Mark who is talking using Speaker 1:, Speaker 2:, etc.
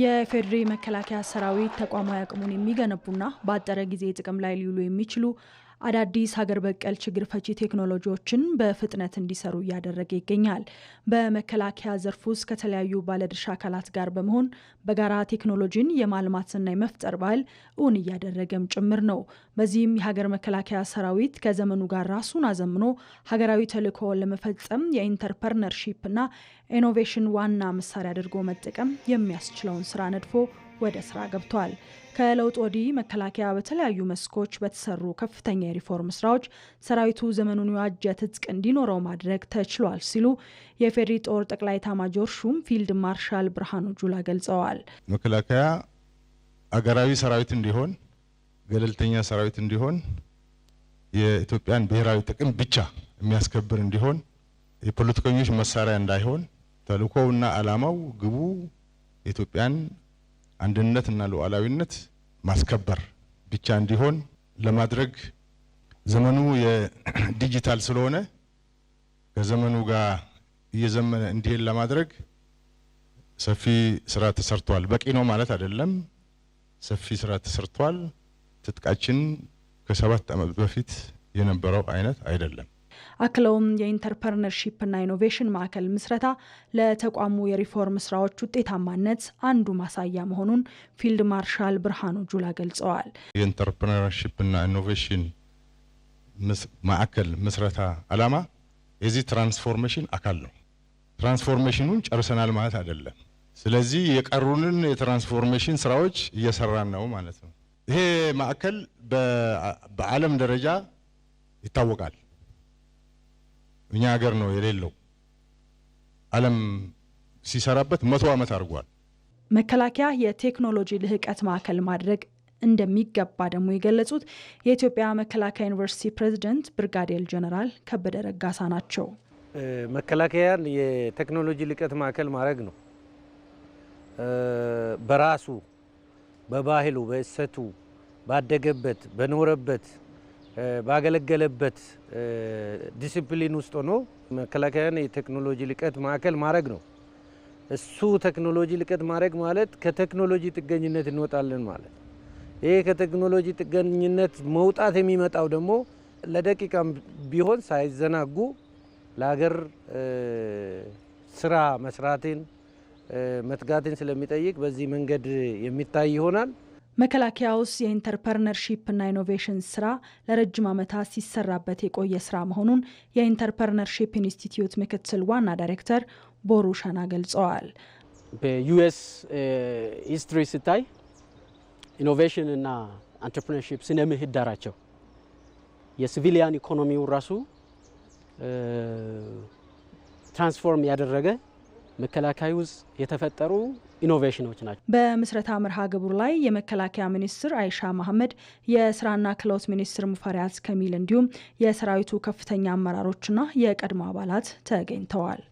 Speaker 1: የፌዴሪ መከላከያ ሰራዊት ተቋማዊ አቅሙን የሚገነቡና በአጠረ ጊዜ ጥቅም ላይ ሊውሉ የሚችሉ አዳዲስ ሀገር በቀል ችግር ፈቺ ቴክኖሎጂዎችን በፍጥነት እንዲሰሩ እያደረገ ይገኛል። በመከላከያ ዘርፍ ውስጥ ከተለያዩ ባለድርሻ አካላት ጋር በመሆን በጋራ ቴክኖሎጂን የማልማትና የመፍጠር ባህል እውን እያደረገም ጭምር ነው። በዚህም የሀገር መከላከያ ሰራዊት ከዘመኑ ጋር ራሱን አዘምኖ ሀገራዊ ተልዕኮውን ለመፈጸም የኢንተርፐርነርሺፕና ኢኖቬሽን ዋና መሳሪያ አድርጎ መጠቀም የሚያስችለውን ስራ ነድፎ ወደ ስራ ገብቷል። ከለውጥ ወዲህ መከላከያ በተለያዩ መስኮች በተሰሩ ከፍተኛ የሪፎርም ስራዎች ሰራዊቱ ዘመኑን የዋጀ ትጥቅ እንዲኖረው ማድረግ ተችሏል ሲሉ የፌዴሪ ጦር ጠቅላይ ታማጆር ሹም ፊልድ ማርሻል ብርሃኑ ጁላ ገልጸዋል።
Speaker 2: መከላከያ አገራዊ ሰራዊት እንዲሆን፣ ገለልተኛ ሰራዊት እንዲሆን፣ የኢትዮጵያን ብሔራዊ ጥቅም ብቻ የሚያስከብር እንዲሆን፣ የፖለቲከኞች መሳሪያ እንዳይሆን፣ ተልእኮውና አላማው ግቡ ኢትዮጵያን አንድነት እና ሉዓላዊነት ማስከበር ብቻ እንዲሆን ለማድረግ ዘመኑ የዲጂታል ስለሆነ ከዘመኑ ጋር እየዘመነ እንዲሄድ ለማድረግ ሰፊ ስራ ተሰርቷል። በቂ ነው ማለት አይደለም። ሰፊ ስራ ተሰርቷል። ትጥቃችን ከሰባት ዓመት በፊት የነበረው አይነት አይደለም።
Speaker 1: አክለውም የኢንተርፕርነርሺፕና ኢኖቬሽን ማዕከል ምስረታ ለተቋሙ የሪፎርም ስራዎች ውጤታማነት አንዱ ማሳያ መሆኑን ፊልድ ማርሻል ብርሃኑ ጁላ ገልጸዋል።
Speaker 2: የኢንተርፕርነርሺፕና ኢኖቬሽን ማዕከል ምስረታ አላማ የዚህ ትራንስፎርሜሽን አካል ነው። ትራንስፎርሜሽኑን ጨርሰናል ማለት አይደለም። ስለዚህ የቀሩንን የትራንስፎርሜሽን ስራዎች እየሰራን ነው ማለት ነው። ይሄ ማዕከል በዓለም ደረጃ ይታወቃል። እኛ ሀገር ነው የሌለው። ዓለም ሲሰራበት መቶ ዓመት አድርጓል።
Speaker 1: መከላከያ የቴክኖሎጂ ልህቀት ማዕከል ማድረግ እንደሚገባ ደግሞ የገለጹት የኢትዮጵያ መከላከያ ዩኒቨርሲቲ ፕሬዚደንት ብርጋዴር ጀነራል ከበደ ረጋሳ ናቸው።
Speaker 3: መከላከያን የቴክኖሎጂ ልቀት ማዕከል ማድረግ ነው በራሱ በባህሉ በእሰቱ ባደገበት በኖረበት ባገለገለበት ዲሲፕሊን ውስጥ ሆኖ መከላከያን የቴክኖሎጂ ልቀት ማዕከል ማድረግ ነው። እሱ ቴክኖሎጂ ልቀት ማድረግ ማለት ከቴክኖሎጂ ጥገኝነት እንወጣለን ማለት። ይሄ ከቴክኖሎጂ ጥገኝነት መውጣት የሚመጣው ደግሞ ለደቂቃም ቢሆን ሳይዘናጉ ለሀገር ስራ መስራትን መትጋትን ስለሚጠይቅ በዚህ መንገድ የሚታይ ይሆናል።
Speaker 1: መከላከያ ውስጥ እና ኢኖቬሽን ስራ ለረጅም ዓመታት ሲሰራበት የቆየ ስራ መሆኑን የኢንተርፐርነርሺፕ ኢንስቲትዩት ምክትል ዋና ዳይሬክተር ቦሩ ገልጸዋል።
Speaker 4: በዩኤስ ሂስትሪ ስታይ ኢኖቬሽን እና አንትርፕርነርሺፕ ስነ ምህዳራቸው የሲቪሊያን ኢኮኖሚው ራሱ ትራንስፎርም ያደረገ መከላከያ ውስጥ የተፈጠሩ ኢኖቬሽኖች ናቸው።
Speaker 1: በምስረታ መርሃ ግብሩ ላይ የመከላከያ ሚኒስትር አይሻ መሐመድ፣ የስራና ክህሎት ሚኒስትር ሙፈሪያት ከሚል እንዲሁም የሰራዊቱ ከፍተኛ አመራሮችና የቀድሞ አባላት ተገኝተዋል።